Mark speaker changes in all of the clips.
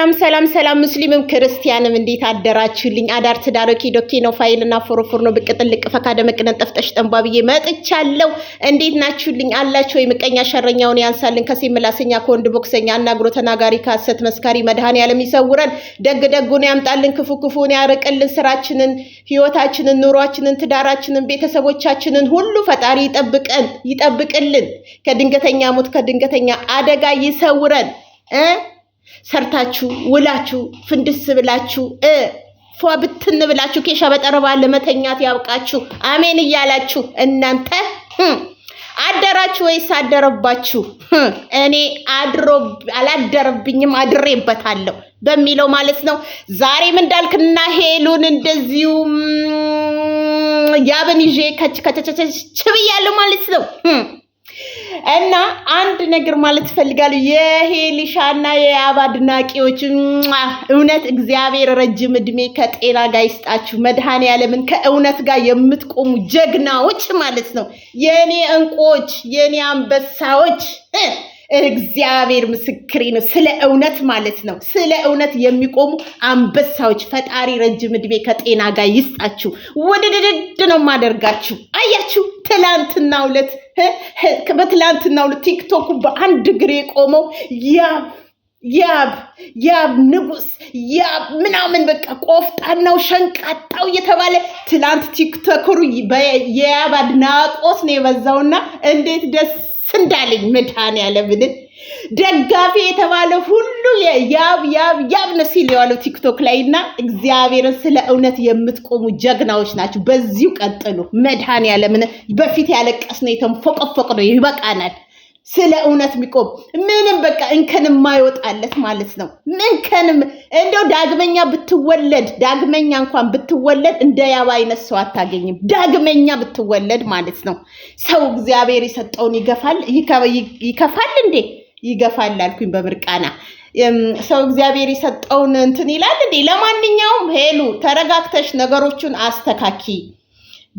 Speaker 1: ሰላም ሰላም ሰላም ሙስሊምም ክርስቲያንም እንዴት አደራችሁልኝ? አዳር ትዳሮኪ ዶኪ ነው ፋይል እና ፎሮፎር ነው ብቅ ጥልቅ ፈካ ደመቅነን ጠፍጠሽ ጠንቧ መጥቻለሁ። እንዴት ናችሁልኝ? አላችሁ ወይ? ምቀኛ ሸረኛውን ያንሳልን። ከሴ ምላሰኛ ከወንድ ቦክሰኛ አናግሮ ተናጋሪ ከሐሰት መስካሪ መድኃኔዓለም ይሰውረን። ደግ ደጉን ያምጣልን፣ ክፉ ክፉን ያርቅልን። ስራችንን፣ ህይወታችንን፣ ኑሯችንን፣ ትዳራችንን፣ ቤተሰቦቻችንን ሁሉ ፈጣሪ ይጠብቀን፣ ይጠብቅልን። ከድንገተኛ ሞት ከድንገተኛ አደጋ ይሰውረን እ ሰርታችሁ ውላችሁ ፍንድስ ብላችሁ ፏ ብትን ብላችሁ ኬሻ በጠረባ ለመተኛት ያብቃችሁ። አሜን እያላችሁ እናንተ አደራችሁ ወይስ አደረባችሁ? እኔ አድሮ አላደረብኝም አድሬበታለሁ በሚለው ማለት ነው። ዛሬም እንዳልክና ሄሉን እንደዚሁ ያብን ይዤ ከች ብያለሁ ማለት ነው። እና አንድ ነገር ማለት ይፈልጋሉ የሄሊሻና የአብ አድናቂዎች እውነት እግዚአብሔር ረጅም እድሜ ከጤና ጋር ይስጣችሁ። መድኃኔ ያለምን ከእውነት ጋር የምትቆሙ ጀግናዎች ማለት ነው። የእኔ እንቁዎች፣ የእኔ አንበሳዎች እግዚአብሔር ምስክሬ ነው። ስለ እውነት ማለት ነው። ስለ እውነት የሚቆሙ አንበሳዎች ፈጣሪ ረጅም እድሜ ከጤና ጋር ይስጣችሁ። ውድድድድ ነው ማደርጋችሁ። አያችሁ ትላንትና ሁለት በትላንትና ሁለት ቲክቶኩ በአንድ እግሬ ቆመው ያ ያብ ያብ ንጉስ ያብ ምናምን በቃ ቆፍጣናው ሸንቃጣው እየተባለ ትላንት ቲክቶከሩ የያብ አድናቆት ነው የበዛውና እንዴት ደስ እንዳለኝ መድኃኒዓለምን ደጋፊ የተባለ ሁሉ ያብ ያብ ያብ ነው ሲል የዋለው ቲክቶክ ላይ እና እግዚአብሔርን ስለ እውነት የምትቆሙ ጀግናዎች ናቸው። በዚሁ ቀጥሉ። መድኃኒዓለምን በፊት ያለቀስ ነው የተንፎቀፎቅ ነው። ይበቃናል። ስለ እውነት የሚቆም ምንም በቃ እንከን የማይወጣለት ማለት ነው። ምንከንም እንደው ዳግመኛ ብትወለድ ዳግመኛ እንኳን ብትወለድ እንደ ያባ አይነት ሰው አታገኝም። ዳግመኛ ብትወለድ ማለት ነው። ሰው እግዚአብሔር የሰጠውን ይገፋል ይከፋል እንዴ ይገፋል አልኩኝ በምርቃና ሰው እግዚአብሔር የሰጠውን እንትን ይላል እንዴ። ለማንኛውም ሄሉ ተረጋግተሽ ነገሮቹን አስተካኪ።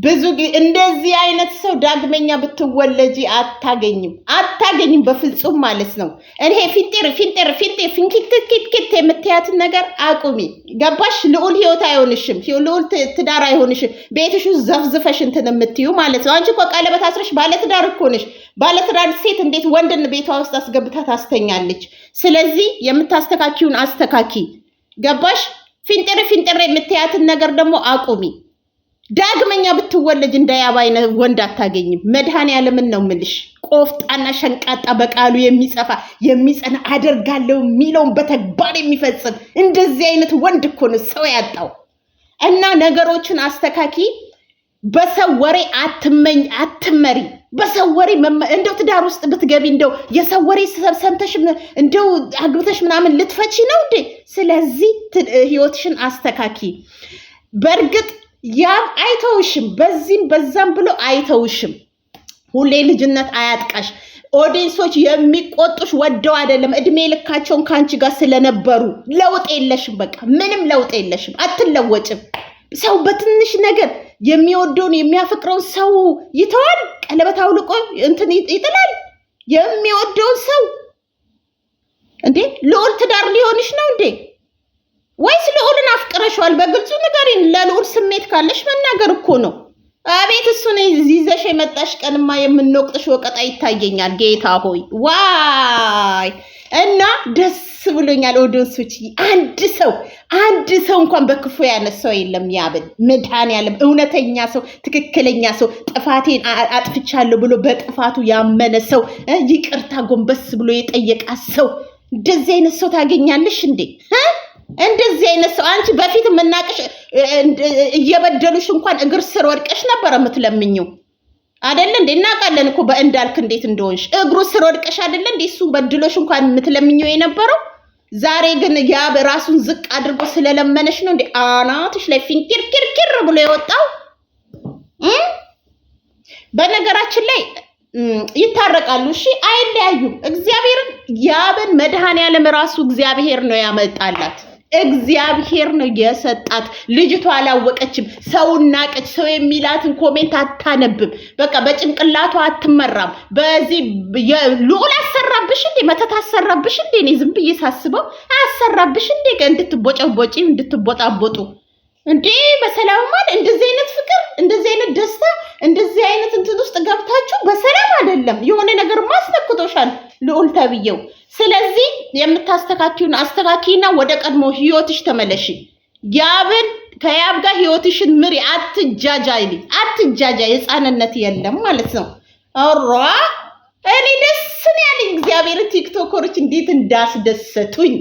Speaker 1: ብዙ እንደዚህ አይነት ሰው ዳግመኛ ብትወለጂ አታገኝም፣ አታገኝም በፍጹም ማለት ነው። እኔ ፊንጤር ፊንጤር ፊንጤ ፊንኪትኪትኪት የምትያትን ነገር አቁሚ። ገባሽ? ልዑል ህይወት አይሆንሽም፣ ልዑል ትዳር አይሆንሽም። ቤትሽ ውስጥ ዘፍዝፈሽ እንትን የምትዩ ማለት ነው። አንቺ እኮ ቀለበት አስረሽ ባለትዳር እኮ ነሽ። ባለትዳር ሴት እንዴት ወንድን ቤቷ ውስጥ አስገብታ ታስተኛለች? ስለዚህ የምታስተካኪውን አስተካኪ። ገባሽ? ፊንጤር ፊንጤር የምትያትን ነገር ደግሞ አቁሚ። ዳግመኛ ብትወለጅ እንዳያባይነ ወንድ አታገኝም። መድኃኔዓለምን ነው ምልሽ። ቆፍጣና ሸንቃጣ፣ በቃሉ የሚጸፋ የሚጸና አደርጋለሁ የሚለውን በተግባር የሚፈጽም እንደዚህ አይነት ወንድ እኮ ነው ሰው ያጣው። እና ነገሮችን አስተካኪ። በሰው ወሬ አትመኝ አትመሪ። በሰው ወሬ እንደው ትዳር ውስጥ ብትገቢ እንደው የሰው ወሬ ሰምተሽ እንደው አግብተሽ ምናምን ልትፈቺ ነው እንዴ? ስለዚህ ህይወትሽን አስተካኪ። በእርግጥ ያም አይተውሽም፣ በዚህም በዛም ብሎ አይተውሽም። ሁሌ ልጅነት አያጥቃሽ። ኦዲንሶች የሚቆጡሽ ወደው አይደለም፣ እድሜ ልካቸውን ከአንቺ ጋር ስለነበሩ ለውጥ የለሽም። በቃ ምንም ለውጥ የለሽም፣ አትለወጭም። ሰው በትንሽ ነገር የሚወደውን የሚያፈቅረውን ሰው ይተዋል። ቀለበት አውልቆ እንትን ይጥላል። የሚወደውን ሰው እንዴ ልዑል ትዳር ሊሆንሽ ነው እንዴ? ወይስ ልዑልን አፍቅረሸዋል? በግልጹ ንገሪን። ለልዑል ስሜት ካለሽ መናገር እኮ ነው። አቤት እሱን ይዘሽ የመጣሽ ቀንማ የምንወቅጥሽ ወቀጣ ይታየኛል። ጌታ ሆይ ዋይ! እና ደስ ብሎኛል። ኦዲንሶች አንድ ሰው አንድ ሰው እንኳን በክፉ ያነሳው የለም። ያብን መድኃኔዓለም እውነተኛ ሰው፣ ትክክለኛ ሰው፣ ጥፋቴን አጥፍቻለሁ ብሎ በጥፋቱ ያመነ ሰው፣ ይቅርታ ጎንበስ ብሎ የጠየቃ ሰው፣ እንደዚህ አይነት ሰው ታገኛለሽ እንዴ? እንደዚህ አይነት ሰው አንቺ በፊት የምናቅሽ እየበደሉሽ እንኳን እግር ስር ወድቀሽ ነበር የምትለምኝው አደለ እንዴ? እናውቃለን እኮ በእንዳልክ እንዴት እንደሆንሽ እግሩ ስር ወድቀሽ አደለ እንዴ? እሱ በድሎሽ እንኳን የምትለምኘው የነበረው ዛሬ ግን ያ ራሱን ዝቅ አድርጎ ስለለመነሽ ነው እንዴ አናትሽ ላይ ፊንኪርኪርኪር ብሎ የወጣው። በነገራችን ላይ ይታረቃሉ፣ እሺ፣ አይለያዩም። እግዚአብሔርን ያብን መድኃኔዓለም ራሱ እግዚአብሔር ነው ያመጣላት። እግዚአብሔር ነው የሰጣት። ልጅቷ አላወቀችም። ሰው እናቀች። ሰው የሚላትን ኮሜንት አታነብም። በቃ በጭንቅላቷ አትመራም። በዚህ ልዑል አሰራብሽ እንዴ? መተት አሰራብሽ እንዴ? እኔ ዝም ብዬ ሳስበው አሰራብሽ እንዴ? እንድትቦጨቦጪ እንድትቦጣቦጡ እንዴ በሰላም ማለት እንደዚህ አይነት ፍቅር፣ እንደዚህ አይነት ደስታ፣ እንደዚህ አይነት እንትን ውስጥ ገብታችሁ በሰላም አይደለም። የሆነ ነገር ማስነክቶሻል ልዑል ተብዬው። ስለዚህ የምታስተካኪውን አስተካኪና ወደ ቀድሞ ህይወትሽ ተመለሺ። ያብን ከያብ ጋር ህይወትሽን ምሪ። አትጃጃይ፣ አትጃጃይ። ህፃንነት የለም ማለት ነው። ኧረ እኔ ደስ ነው ያለኝ እግዚአብሔር። ቲክቶከሮች እንዴት እንዳስደሰቱኝ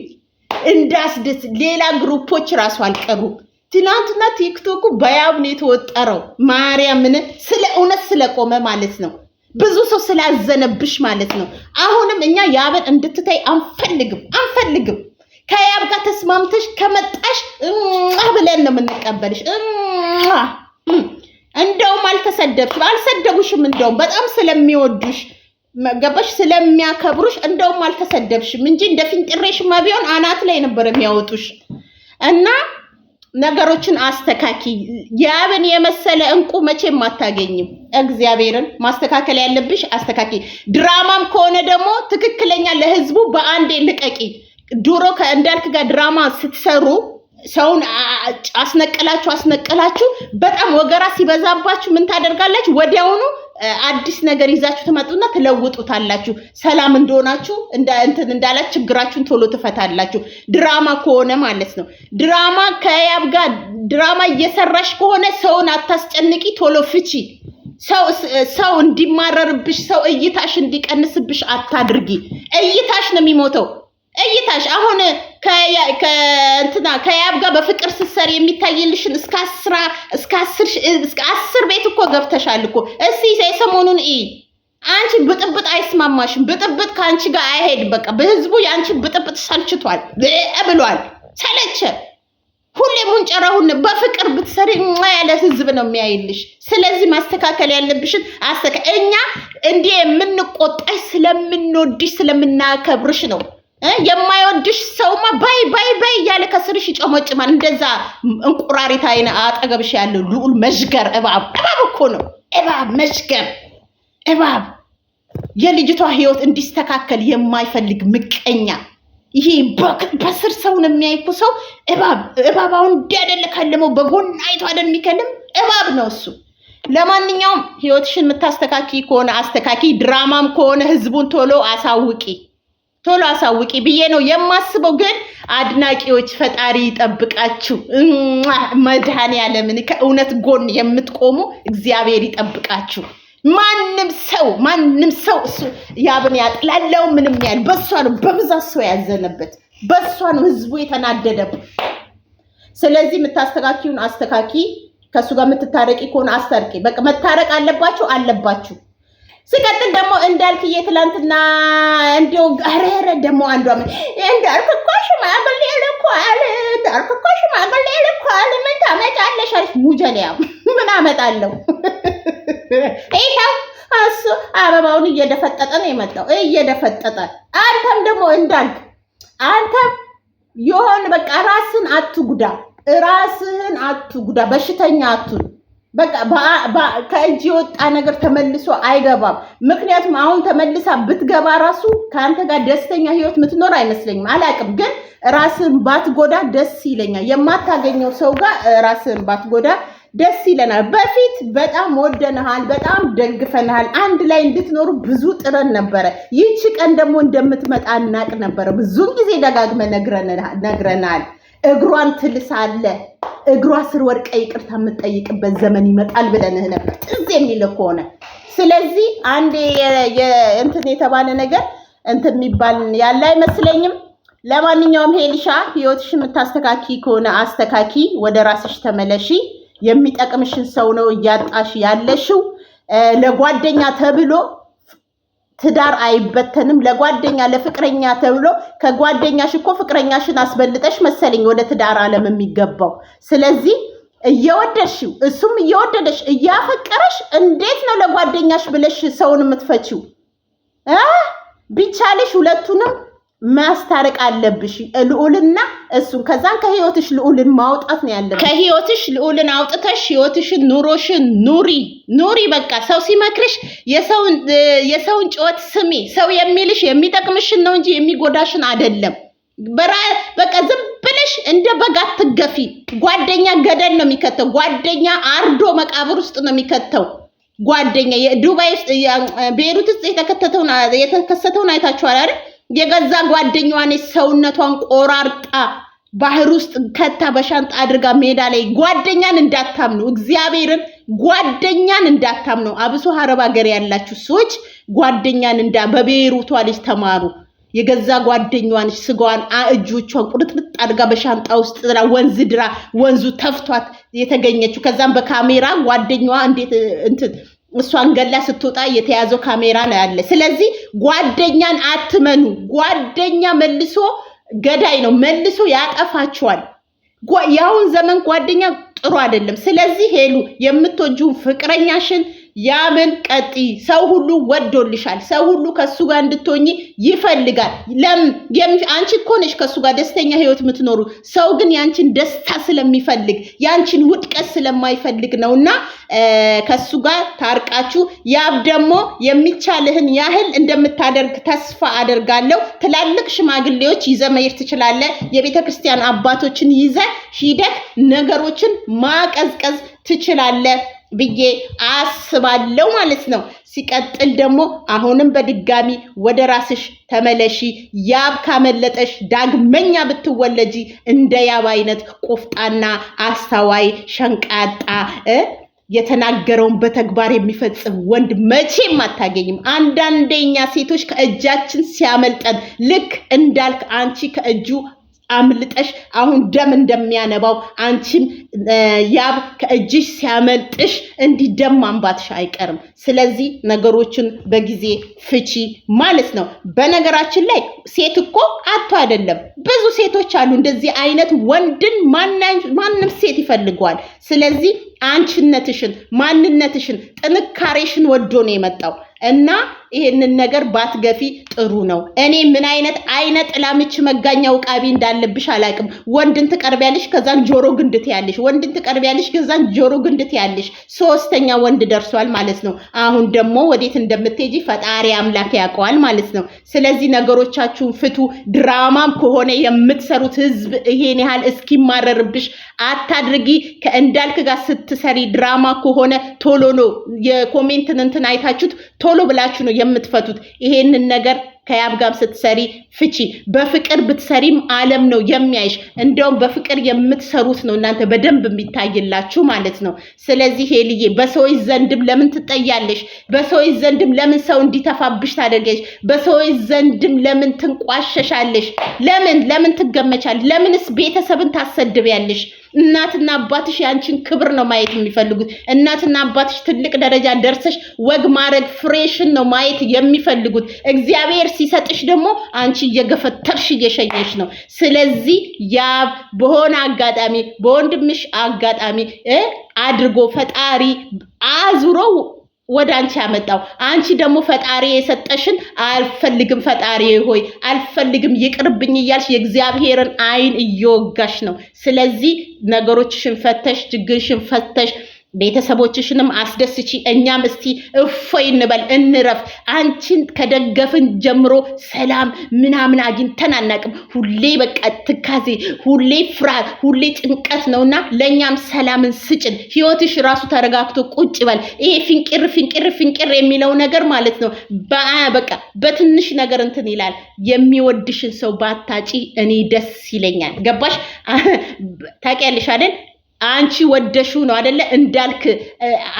Speaker 1: እንዳስደስ ሌላ ግሩፖች ራሱ አልቀሩም። ትናንትና ቲክቶኩ በያብ ነው የተወጠረው። ማርያምን ስለ እውነት ስለቆመ ማለት ነው። ብዙ ሰው ስላዘነብሽ ማለት ነው። አሁንም እኛ ያብን እንድትታይ አንፈልግም አንፈልግም። ከያብ ጋር ተስማምተሽ ከመጣሽ ብለን ነው የምንቀበልሽ። እንደውም አልተሰደብሽም አልሰደቡሽም። እንደውም በጣም ስለሚወዱሽ ገባሽ ስለሚያከብሩሽ እንደውም አልተሰደብሽም እንጂ እንደ ፊንጥሬሽማ ቢሆን አናት ላይ ነበር የሚያወጡሽ እና ነገሮችን አስተካኪ። ያብን የመሰለ እንቁ መቼም አታገኝም። እግዚአብሔርን ማስተካከል ያለብሽ አስተካኪ። ድራማም ከሆነ ደግሞ ትክክለኛ ለህዝቡ በአንዴ ልቀቂ። ድሮ ከእንዳልክ ጋር ድራማ ስትሰሩ ሰውን አስነቅላችሁ አስነቅላችሁ በጣም ወገራ ሲበዛባችሁ ምን ታደርጋላችሁ? ወዲያውኑ አዲስ ነገር ይዛችሁ ትመጡና ትለውጡታላችሁ። ሰላም እንደሆናችሁ እንትን እንዳላችሁ ችግራችሁን ቶሎ ትፈታላችሁ። ድራማ ከሆነ ማለት ነው። ድራማ ከያብ ጋር ድራማ እየሰራሽ ከሆነ ሰውን አታስጨንቂ፣ ቶሎ ፍቺ። ሰው እንዲማረርብሽ፣ ሰው እይታሽ እንዲቀንስብሽ አታድርጊ። እይታሽ ነው የሚሞተው። እይታሽ አሁን ከእንትና ከያብ ጋር በፍቅር ስትሰሪ የሚታይልሽን እስከ አስራ እስከ አስር እስከ አስር ቤት እኮ ገብተሻል እኮ። እስቲ የሰሞኑን ኢ አንቺ ብጥብጥ አይስማማሽም። ብጥብጥ ከአንቺ ጋር አይሄድ። በቃ በህዝቡ የአንቺ ብጥብጥ ሰልችቷል ብሏል። ሰለቸ ሁሌም ሁንጨራ በፍቅር ብትሰሪ ያለ ህዝብ ነው የሚያይልሽ። ስለዚህ ማስተካከል ያለብሽን አስተካ እኛ እንዲህ የምንቆጣሽ ስለምንወድሽ ስለምናከብርሽ ነው። የማይወድሽ ሰውማ ባይ ባይ ባይ እያለ ከስርሽ ይጨመጭማል። እንደዛ እንቁራሪት አይነ አጠገብሽ ያለው ልዑል መዥገር እባብ እባብ እኮ ነው እባብ መዥገር እባብ የልጅቷ ህይወት እንዲስተካከል የማይፈልግ ምቀኛ። ይሄ በስር ሰውን የሚያይኩ ሰው እባብ እባብ። አሁን እንዲያደለ ከልመው በጎን አይቶ አይደል የሚከልም እባብ ነው እሱ። ለማንኛውም ህይወትሽን የምታስተካኪ ከሆነ አስተካኪ፣ ድራማም ከሆነ ህዝቡን ቶሎ አሳውቂ። ቶሎ አሳውቂ ብዬ ነው የማስበው። ግን አድናቂዎች ፈጣሪ ይጠብቃችሁ። መድኃኔዓለምን ከእውነት ጎን የምትቆሙ እግዚአብሔር ይጠብቃችሁ። ማንም ሰው ማንም ሰው እሱ ያብን ያጥላለው ምንም ያል በእሷ ነው በብዛት ሰው ያዘነበት፣ በእሷ ነው ህዝቡ የተናደደበት። ስለዚህ የምታስተካኪውን አስተካኪ፣ ከእሱ ጋር የምትታረቂ ከሆነ አስታርቂ። በቃ መታረቅ አለባችሁ አለባችሁ። ሲቀጥል ደግሞ እንዳልክዬ ትላንትና እንዲው አረረ ደግሞ አንዷ ምን እንዳልክ እኮ ሽማግሌ ልኳል፣ እንዳልክ እኮ ሽማግሌ ልኳል። ምን ታመጫለሽ አለች። ሙጀሊያ ምን አመጣለሁ? ይኸው እሱ አበባውን እየደፈጠጠ ነው የመጣው፣ እየደፈጠጠ አንተም ደግሞ እንዳልክ አንተም የሆን በቃ ራስን አትጉዳ፣ ራስህን አትጉዳ፣ በሽተኛ አቱ በቃ ከእጅ የወጣ ነገር ተመልሶ አይገባም። ምክንያቱም አሁን ተመልሳ ብትገባ ራሱ ከአንተ ጋር ደስተኛ ህይወት የምትኖር አይመስለኝም። አላውቅም፣ ግን ራስን ባትጎዳ ደስ ይለኛል። የማታገኘው ሰው ጋር ራስን ባትጎዳ ደስ ይለናል። በፊት በጣም ወደንሃል፣ በጣም ደግፈንሃል። አንድ ላይ እንድትኖሩ ብዙ ጥረን ነበረ። ይህቺ ቀን ደግሞ እንደምትመጣ እናቅ ነበረ። ብዙም ጊዜ ደጋግመ ነግረናል። እግሯን ትልሳለ እግሯ ስር ወርቀ ይቅርታ የምጠይቅበት ዘመን ይመጣል ብለንህ ነበር ትዝ የሚል ከሆነ ስለዚህ አንድ እንትን የተባለ ነገር እንትን የሚባል ያለ አይመስለኝም። ለማንኛውም ሄሊሻ ህይወትሽ የምታስተካኪ ከሆነ አስተካኪ፣ ወደ ራስሽ ተመለሺ። የሚጠቅምሽን ሰው ነው እያጣሽ ያለሽው ለጓደኛ ተብሎ ትዳር አይበተንም። ለጓደኛ ለፍቅረኛ ተብሎ ከጓደኛሽ እኮ ፍቅረኛሽን አስበልጠሽ መሰለኝ ወደ ትዳር ዓለም የሚገባው። ስለዚህ እየወደድሽው እሱም እየወደደሽ እያፈቀረሽ እንዴት ነው ለጓደኛሽ ብለሽ ሰውን የምትፈቺው? ቢቻለሽ ሁለቱንም ማስታረቅ አለብሽ ልዑልና እሱን። ከዛን ከህይወትሽ ልዑልን ማውጣት ነው ያለብሽ። ከህይወትሽ ልዑልን አውጥተሽ ህይወትሽን፣ ኑሮሽን ኑሪ ኑሪ። በቃ ሰው ሲመክርሽ የሰውን ጭወት ስሚ። ሰው የሚልሽ የሚጠቅምሽን ነው እንጂ የሚጎዳሽን አይደለም። በቃ ዝም ብለሽ እንደ በግ አትገፊ። ጓደኛ ገደል ነው የሚከተው። ጓደኛ አርዶ መቃብር ውስጥ ነው የሚከተው። ጓደኛ ዱባይ ውስጥ ቤሩት ውስጥ የተከተተውን የተከሰተውን አይታችኋል አይደል? የገዛ ጓደኛዋን ሰውነቷን ቆራርጣ ባህር ውስጥ ከታ በሻንጣ አድርጋ ሜዳ ላይ ጓደኛን እንዳታምኑ፣ እግዚአብሔርን ጓደኛን እንዳታምኑ። አብሶ ሀረብ ሀገር ያላችሁ ሰዎች ጓደኛን እንዳ በቤሩቷ ልጅ ተማሩ። የገዛ ጓደኛዋን ስጋዋን እጆቿን ቁርጥርጥ አድርጋ በሻንጣ ውስጥ ጥላ ወንዝ ድራ ወንዙ ተፍቷት የተገኘችው ከዛም በካሜራ ጓደኛዋ እንዴት እንትን እሷን ገላ ስትወጣ የተያዘው ካሜራ ነው ያለ። ስለዚህ ጓደኛን አትመኑ። ጓደኛ መልሶ ገዳይ ነው፣ መልሶ ያጠፋችኋል። የአሁን ዘመን ጓደኛ ጥሩ አይደለም። ስለዚህ ሄሉ የምትወጂውን ፍቅረኛሽን ያምን ቀጢ ሰው ሁሉ ወዶልሻል። ሰው ሁሉ ከሱ ጋር እንድትሆኝ ይፈልጋል። ለም አንቺ እኮ ነሽ ከሱ ጋር ደስተኛ ህይወት የምትኖሩ። ሰው ግን ያንቺን ደስታ ስለሚፈልግ ያንቺን ውድቀት ስለማይፈልግ ነውና ከሱ ጋር ታርቃችሁ ያብ ደግሞ የሚቻልህን ያህል እንደምታደርግ ተስፋ አደርጋለሁ። ትላልቅ ሽማግሌዎች ይዘ መሄድ ትችላለህ። የቤተ ክርስቲያን አባቶችን ይዘ ሂደህ ነገሮችን ማቀዝቀዝ ትችላለህ። ብዬ አስባለው ማለት ነው። ሲቀጥል ደግሞ አሁንም በድጋሚ ወደ ራስሽ ተመለሺ። ያብ ካመለጠሽ ዳግመኛ ብትወለጂ እንደ ያብ አይነት ቆፍጣና፣ አስተዋይ፣ ሸንቃጣ የተናገረውን በተግባር የሚፈጽም ወንድ መቼም አታገኝም። አንዳንዴኛ ሴቶች ከእጃችን ሲያመልጠን ልክ እንዳልክ አንቺ ከእጁ አምልጠሽ አሁን ደም እንደሚያነባው አንቺም ያብ ከእጅሽ ሲያመልጥሽ ደም አንባትሽ አይቀርም። ስለዚህ ነገሮችን በጊዜ ፍቺ ማለት ነው። በነገራችን ላይ ሴት እኮ አቶ አይደለም ብዙ ሴቶች አሉ። እንደዚህ አይነት ወንድን ማንም ሴት ይፈልገዋል። ስለዚህ አንቺነትሽን፣ ማንነትሽን፣ ጥንካሬሽን ወዶ ነው የመጣው እና ይሄንን ነገር ባትገፊ ጥሩ ነው። እኔ ምን አይነት አይነ ጥላምች መጋኛ ውቃቢ እንዳለብሽ አላቅም። ወንድን ትቀርቢያለሽ፣ ከዛን ጆሮ ግንድት ያለሽ፣ ወንድን ትቀርቢያለሽ፣ ከዛን ጆሮ ግንድት ያለሽ። ሶስተኛ ወንድ ደርሷል ማለት ነው። አሁን ደግሞ ወዴት እንደምትሄጂ ፈጣሪ አምላክ ያውቀዋል ማለት ነው። ስለዚህ ነገሮቻችሁን ፍቱ። ድራማም ከሆነ የምትሰሩት ህዝብ ይሄን ያህል እስኪማረርብሽ አታድርጊ። ከእንዳልክ ጋር ስትሰሪ ድራማ ከሆነ ቶሎ ነው የኮሜንትን እንትን አይታችሁት ቶሎ ብላችሁ ነው የምትፈቱት። ይሄንን ነገር ከያብ ጋር ስትሰሪ ፍቺ። በፍቅር ብትሰሪም ዓለም ነው የሚያይሽ። እንደውም በፍቅር የምትሰሩት ነው እናንተ በደንብ የሚታይላችሁ ማለት ነው። ስለዚህ ሄልዬ በሰዎች ዘንድም ለምን ትጠያለሽ? በሰዎች ዘንድም ለምን ሰው እንዲተፋብሽ ታደርገሽ? በሰዎች ዘንድም ለምን ትንቋሸሻለሽ? ለምን ለምን ትገመቻለሽ? ለምንስ ቤተሰብን ታሰድቢያለሽ? እናትና አባትሽ ያንቺን ክብር ነው ማየት የሚፈልጉት። እናትና አባትሽ ትልቅ ደረጃ ደርሰሽ ወግ ማድረግ ፍሬሽን ነው ማየት የሚፈልጉት። እግዚአብሔር ሲሰጥሽ ደግሞ አንቺ እየገፈተርሽ እየሸኘሽ ነው። ስለዚህ ያ በሆነ አጋጣሚ በወንድምሽ አጋጣሚ አድርጎ ፈጣሪ አዙረው ወደ አንቺ ያመጣው አንቺ ደግሞ ፈጣሪ የሰጠሽን አልፈልግም፣ ፈጣሪ ሆይ አልፈልግም፣ ይቅርብኝ እያልሽ የእግዚአብሔርን አይን እየወጋሽ ነው። ስለዚህ ነገሮችሽን ፈተሽ ችግርሽን ፈተሽ ቤተሰቦችሽንም አስደስቺ። እኛም እስቲ እፎይ እንበል እንረፍ። አንቺን ከደገፍን ጀምሮ ሰላም ምናምን አግኝተን አናቅም። ሁሌ በቃ ትካዜ፣ ሁሌ ፍርሃት፣ ሁሌ ጭንቀት ነውና ለእኛም ሰላምን ስጭን። ህይወትሽ ራሱ ተረጋግቶ ቁጭ ይበል። ይሄ ፊንቅር ፊንቅር ፊንቅር የሚለው ነገር ማለት ነው በቃ በትንሽ ነገር እንትን ይላል። የሚወድሽን ሰው ባታጪ እኔ ደስ ይለኛል። ገባሽ? ታውቂያለሽ አይደል አንቺ ወደሹ ነው አደለ? እንዳልክ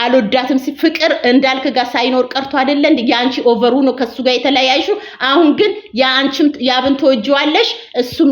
Speaker 1: አልወዳትም ሲል ፍቅር እንዳልክ ጋር ሳይኖር ቀርቶ አደለ? የአንቺ ኦቨሩ ነው ከሱ ጋር የተለያይሹ። አሁን ግን የአንቺም ያብን ተወጅዋለሽ፣ እሱም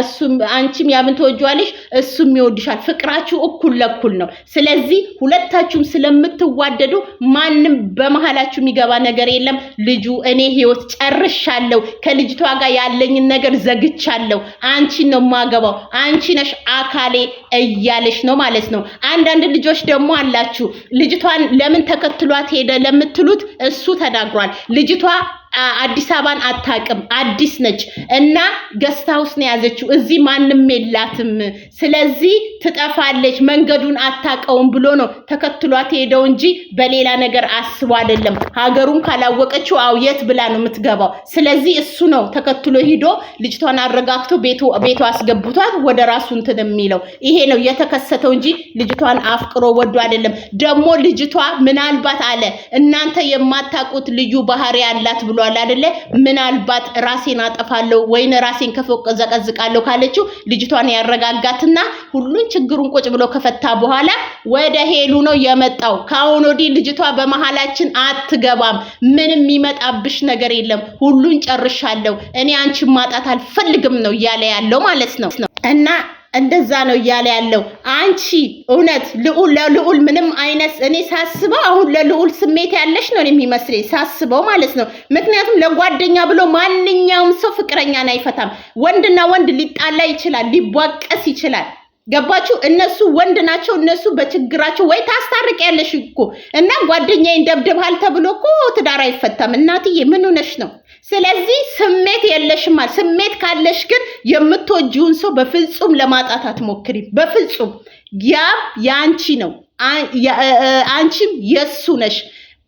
Speaker 1: እሱም አንቺም ያብን ተወጅዋለሽ፣ እሱም ይወድሻል። ፍቅራችሁ እኩል ለኩል ነው። ስለዚህ ሁለታችሁም ስለምትዋደዱ ማንም በመሃላችሁ የሚገባ ነገር የለም። ልጁ እኔ ህይወት ጨርሻለሁ፣ ከልጅቷ ጋር ያለኝን ነገር ዘግቻለሁ፣ አንቺን ነው ማገባው፣ አንቺ ነሽ አካሌ እያለሽ ነው ማለት ነው። አንዳንድ ልጆች ደግሞ አላችሁ ልጅቷን ለምን ተከትሏት ሄደ ለምትሉት እሱ ተናግሯል። ልጅቷ አዲስ አበባን አታውቅም፣ አዲስ ነች እና ገስት ሀውስ ነው የያዘችው። እዚህ ማንም የላትም፣ ስለዚህ ትጠፋለች፣ መንገዱን አታውቀውም ብሎ ነው ተከትሏት ሄደው እንጂ በሌላ ነገር አስቦ አይደለም። ሀገሩን ካላወቀችው አውየት ብላ ነው የምትገባው? ስለዚህ እሱ ነው ተከትሎ ሂዶ ልጅቷን አረጋግቶ ቤቷ አስገብቷት ወደ ራሱ እንትን የሚለው ይሄ ነው የተከሰተው እንጂ ልጅቷን አፍቅሮ ወዶ አይደለም። ደግሞ ልጅቷ ምናልባት አለ እናንተ የማታውቁት ልዩ ባህሪ አላት ብሎ ብሏል አደለ? ምናልባት ራሴን አጠፋለሁ ወይን ራሴን ከፎቅ ዘቀዝቃለሁ ካለችው ልጅቷን ያረጋጋትና ሁሉን ችግሩን ቁጭ ብሎ ከፈታ በኋላ ወደ ሄሉ ነው የመጣው። ከአሁን ወዲህ ልጅቷ በመሀላችን አትገባም። ምንም የሚመጣብሽ ነገር የለም። ሁሉን ጨርሻለሁ። እኔ አንቺን ማጣት አልፈልግም ነው እያለ ያለው ማለት ነው እና እንደዛ ነው እያለ ያለው። አንቺ እውነት ልዑል ለልዑል ምንም አይነት እኔ ሳስበው አሁን ለልዑል ስሜት ያለሽ ነው የሚመስለኝ ሳስበው ማለት ነው። ምክንያቱም ለጓደኛ ብሎ ማንኛውም ሰው ፍቅረኛን አይፈታም። ወንድና ወንድ ሊጣላ ይችላል፣ ሊቧቀስ ይችላል። ገባችሁ? እነሱ ወንድ ናቸው። እነሱ በችግራቸው ወይ ታስታርቅ ያለሽ እኮ እና ጓደኛዬን ደብድብሃል ተብሎ እኮ ትዳር አይፈታም። እናትዬ ምን ሆነሽ ነው? ስለዚህ ስሜት የለሽም ማለት ስሜት ካለሽ ግን የምትወጂውን ሰው በፍጹም ለማጣት አትሞክሪም። በፍጹም ያ የአንቺ ነው፣ አንቺም የሱ ነሽ።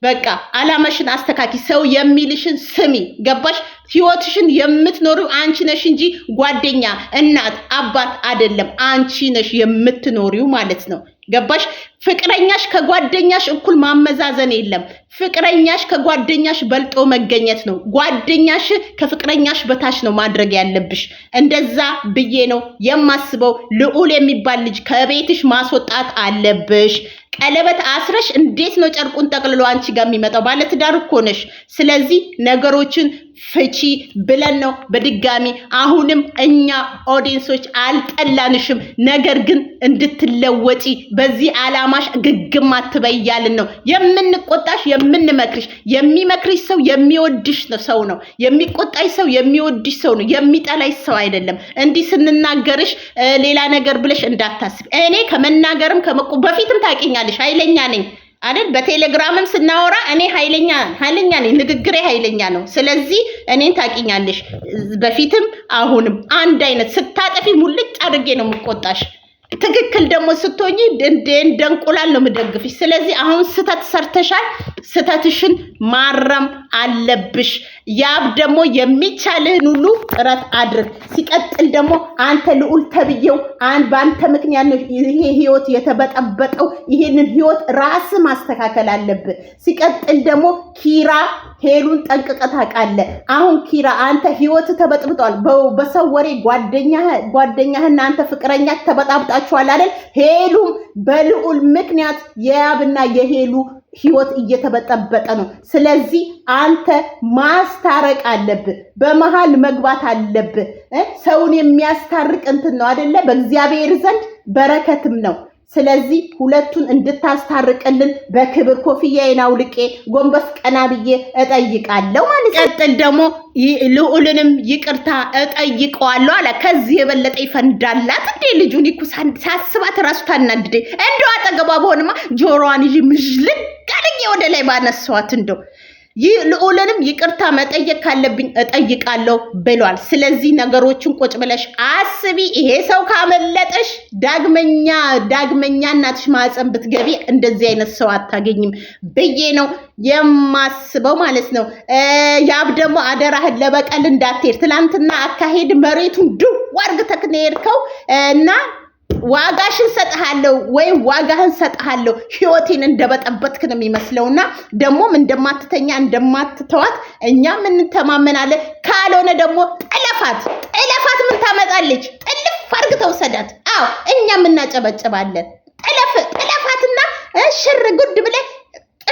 Speaker 1: በቃ አላማሽን አስተካኪ። ሰው የሚልሽን ስሚ። ገባሽ? ህይወትሽን የምትኖሪው አንቺ ነሽ እንጂ ጓደኛ፣ እናት፣ አባት አይደለም። አንቺ ነሽ የምትኖሪው ማለት ነው። ገባሽ? ፍቅረኛሽ ከጓደኛሽ እኩል ማመዛዘን የለም። ፍቅረኛሽ ከጓደኛሽ በልጦ መገኘት ነው። ጓደኛሽ ከፍቅረኛሽ በታች ነው ማድረግ ያለብሽ። እንደዛ ብዬ ነው የማስበው። ልዑል የሚባል ልጅ ከቤትሽ ማስወጣት አለብሽ። ቀለበት አስረሽ እንዴት ነው ጨርቁን ጠቅልሎ አንቺ ጋር የሚመጣው? ባለትዳር እኮ ነሽ። ስለዚህ ነገሮችን ፍቺ ብለን ነው። በድጋሚ አሁንም እኛ ኦዲንሶች አልጠላንሽም፣ ነገር ግን እንድትለወጪ በዚህ አላማሽ ግግም አትበያልን ነው የምንቆጣሽ፣ የምንመክርሽ። የሚመክርሽ ሰው የሚወድሽ ሰው ነው። የሚቆጣሽ ሰው የሚወድሽ ሰው ነው። የሚጠላሽ ሰው አይደለም። እንዲህ ስንናገርሽ ሌላ ነገር ብለሽ እንዳታስብ እኔ ከመናገርም ከመቁ በፊትም ታውቂኛለሽ፣ ኃይለኛ ነኝ። አይደል በቴሌግራምም ስናወራ እኔ ኃይለኛ ኃይለኛ ነኝ፣ ንግግሬ ኃይለኛ ነው። ስለዚህ እኔን ታቂኛለሽ። በፊትም አሁንም አንድ አይነት ስታጠፊ ሙልጭ አድርጌ ነው የምቆጣሽ። ትክክል ደግሞ ስትሆኚ እንደን ደንቁላል ነው የምደግፍሽ። ስለዚህ አሁን ስተት ሰርተሻል፣ ስተትሽን ማረም አለብሽ። ያብ ደግሞ የሚቻልህን ሁሉ ጥረት አድርግ። ሲቀጥል ደግሞ አንተ ልዑል ተብዬው በአንተ ምክንያት ነው ይሄ ህይወት የተበጠበጠው። ይሄንን ህይወት ራስ ማስተካከል አለብህ። ሲቀጥል ደግሞ ኪራ ሄሉን ጠንቅቀህ ታውቃለህ። አሁን ኪራ አንተ ህይወት ተበጥብጧል። በሰው ወሬ ጓደኛህና አንተ ፍቅረኛ ተበጣብጣችኋል አይደል? ሄሉም በልዑል ምክንያት የያብና የሄሉ ህይወት እየተበጠበጠ ነው። ስለዚህ አንተ ማስታረቅ አለብህ፣ በመሃል መግባት አለብህ። ሰውን የሚያስታርቅ እንትን ነው አደለ? በእግዚአብሔር ዘንድ በረከትም ነው። ስለዚህ ሁለቱን እንድታስታርቅልን በክብር ኮፍያዬን አውልቄ ጎንበስ ቀና ብዬ እጠይቃለሁ ማለት ነው። ቀጥል ደግሞ ልዑልንም ይቅርታ እጠይቀዋለሁ አለ። ከዚህ የበለጠ ይፈንዳላት እንዴ? ልጁን ሳስባት ራሱ ታናድዴ እንደው አጠገቧ በሆንማ ጆሮዋን ይዤ ምዥልግ ወደ ላይ ባነሷት እንደው ይህ ልዑልንም ይቅርታ መጠየቅ ካለብኝ እጠይቃለሁ ብሏል። ስለዚህ ነገሮችን ቁጭ ብለሽ አስቢ። ይሄ ሰው ካመለጠሽ ዳግመኛ ዳግመኛ እናትሽ ማህፀን ብትገቢ እንደዚህ አይነት ሰው አታገኝም ብዬ ነው የማስበው ማለት ነው። ያብ ደግሞ አደራህን ለበቀል እንዳትሄድ። ትላንትና አካሄድ መሬቱን ድው አድርገህ ተክነህ የሄድከው እና ዋጋሽን ሰጥሃለሁ ወይም ዋጋህን ሰጥሃለሁ። ህይወቴን እንደበጠበጥክ ነው የሚመስለውና ደግሞም እንደማትተኛ እንደማትተዋት እኛም እንተማመናለን። ካልሆነ ደግሞ ጥለፋት ጥለፋት፣ ምን ታመጣለች? ጥልፍ አድርግ ተውሰዳት። አዎ እኛም እናጨበጭባለን። ጥለፍ ጥለፋትና ሽር ጉድ ብለ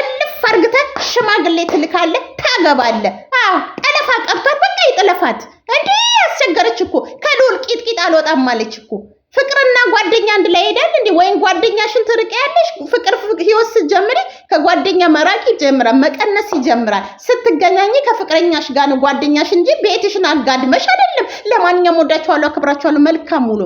Speaker 1: ጥልፍ አድርግተህ ሽማግሌ ትልካለ፣ ታገባለ። አዎ ጠለፋ ቀብቷል። በቃ ይጥለፋት። እንዲህ ያስቸገረች እኮ ከልውል ቂጥቂጥ አልወጣም ማለች እኮ ፍቅርና ጓደኛ አንድ ላይ ሄዳል እንዴ? ወይም ጓደኛሽን ትርቂያለሽ? ፍቅር ህይወት ስትጀምሪ ከጓደኛ መራቅ ይጀምራል፣ መቀነስ ይጀምራል። ስትገናኝ ከፍቅረኛሽ ጋር ነው ጓደኛሽ እንጂ ቤትሽን አጋድመሽ አይደለም። ለማንኛውም ወዳችኋለሁ፣ አክብራችኋለሁ። መልካም ውሎ